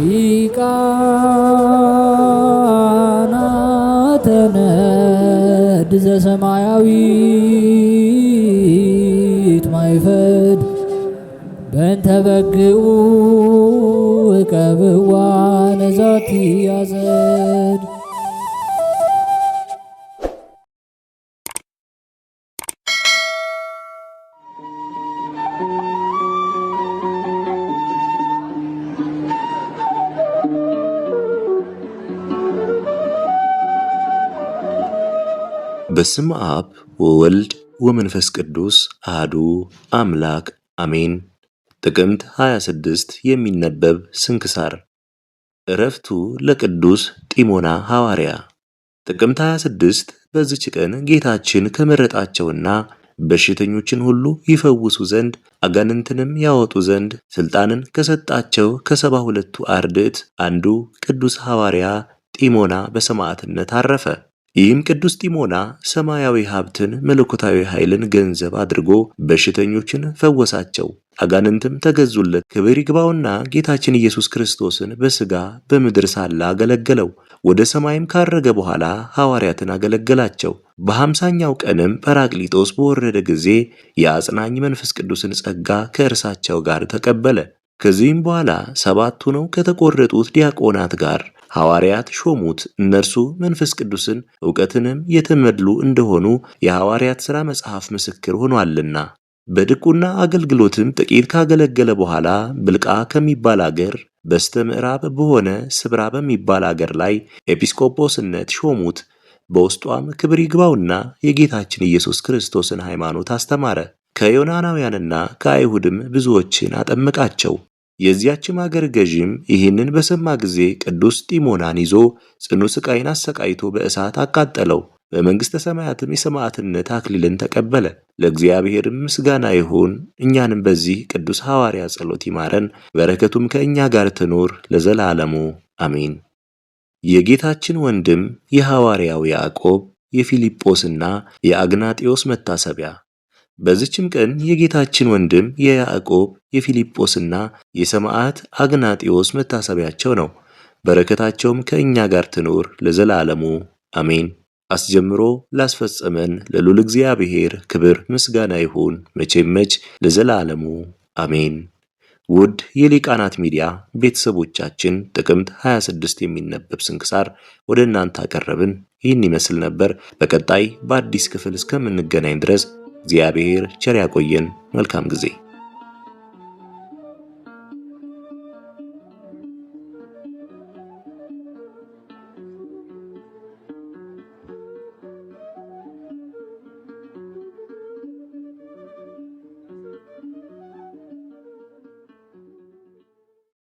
ሊቃና ተነድ ዘሰማያዊት ማይፈድ በእንተ በግኡ እቀብዋ ነዛቲ ያዘድ በስም አብ ወወልድ ወመንፈስ ቅዱስ አህዱ አምላክ አሜን። ጥቅምት 26 የሚነበብ ስንክሳር። እረፍቱ ለቅዱስ ጢሞና ሐዋርያ። ጥቅምት 26 በዚች ቀን ጌታችን ከመረጣቸውና በሽተኞችን ሁሉ ይፈውሱ ዘንድ አጋንንትንም ያወጡ ዘንድ ሥልጣንን ከሰጣቸው ከሰባ ሁለቱ አርድእት አንዱ ቅዱስ ሐዋርያ ጢሞና በሰማዕትነት አረፈ። ይህም ቅዱስ ጢሞና ሰማያዊ ሀብትን መለኮታዊ ኃይልን ገንዘብ አድርጎ በሽተኞችን ፈወሳቸው፣ አጋንንትም ተገዙለት። ክብር ይግባውና ጌታችን ኢየሱስ ክርስቶስን በሥጋ በምድር ሳለ አገለገለው። ወደ ሰማይም ካረገ በኋላ ሐዋርያትን አገለገላቸው። በሐምሳኛው ቀንም ጰራቅሊጦስ በወረደ ጊዜ የአጽናኝ መንፈስ ቅዱስን ጸጋ ከእርሳቸው ጋር ተቀበለ። ከዚህም በኋላ ሰባት ሆነው ከተቆረጡት ዲያቆናት ጋር ሐዋርያት ሾሙት። እነርሱ መንፈስ ቅዱስን እውቀትንም የተመድሉ እንደሆኑ የሐዋርያት ሥራ መጽሐፍ ምስክር ሆኗልና። በድቁና አገልግሎትም ጥቂት ካገለገለ በኋላ ብልቃ ከሚባል አገር በስተ ምዕራብ በሆነ ስብራ በሚባል አገር ላይ ኤጲስቆጶስነት ሾሙት። በውስጧም ክብር ይግባውና የጌታችን ኢየሱስ ክርስቶስን ሃይማኖት አስተማረ። ከዮናናውያንና ከአይሁድም ብዙዎችን አጠመቃቸው። የዚያችም አገር ገዥም ይህንን በሰማ ጊዜ ቅዱስ ጢሞናን ይዞ ጽኑ ሥቃይን አሰቃይቶ በእሳት አቃጠለው። በመንግሥተ ሰማያትም የሰማዕትነት አክሊልን ተቀበለ። ለእግዚአብሔር ምስጋና ይሁን። እኛንም በዚህ ቅዱስ ሐዋርያ ጸሎት ይማረን፣ በረከቱም ከእኛ ጋር ትኖር ለዘላለሙ አሜን። የጌታችን ወንድም የሐዋርያው ያዕቆብ የፊልጶስና የአግናጢዮስ መታሰቢያ በዚችም ቀን የጌታችን ወንድም የያዕቆብ የፊልጶስና የሰማዕት አግናጢዎስ መታሰቢያቸው ነው። በረከታቸውም ከእኛ ጋር ትኑር ለዘላለሙ አሜን። አስጀምሮ ላስፈጸመን ለልዑል እግዚአብሔር ክብር ምስጋና ይሁን መቼም መች ለዘላለሙ አሜን። ውድ የሊቃናት ሚዲያ ቤተሰቦቻችን ጥቅምት 26 የሚነበብ ስንክሳር ወደ እናንተ አቀረብን። ይህን ይመስል ነበር። በቀጣይ በአዲስ ክፍል እስከምንገናኝ ድረስ እግዚአብሔር ቸር ያቆየን። መልካም ጊዜ